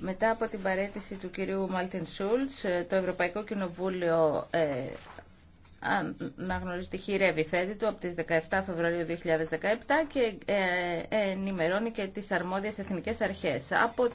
Μετά από την παρέτηση του κυρίου Μάλτιν Σούλτς, ε, το Ευρωπαϊκό Κοινοβούλιο ε, να τη χειρεύει θέτη του από τις 17 Φεβρουαρίου 2017 και ε, ε, ενημερώνει και τις αρμόδιες εθνικές αρχές. Από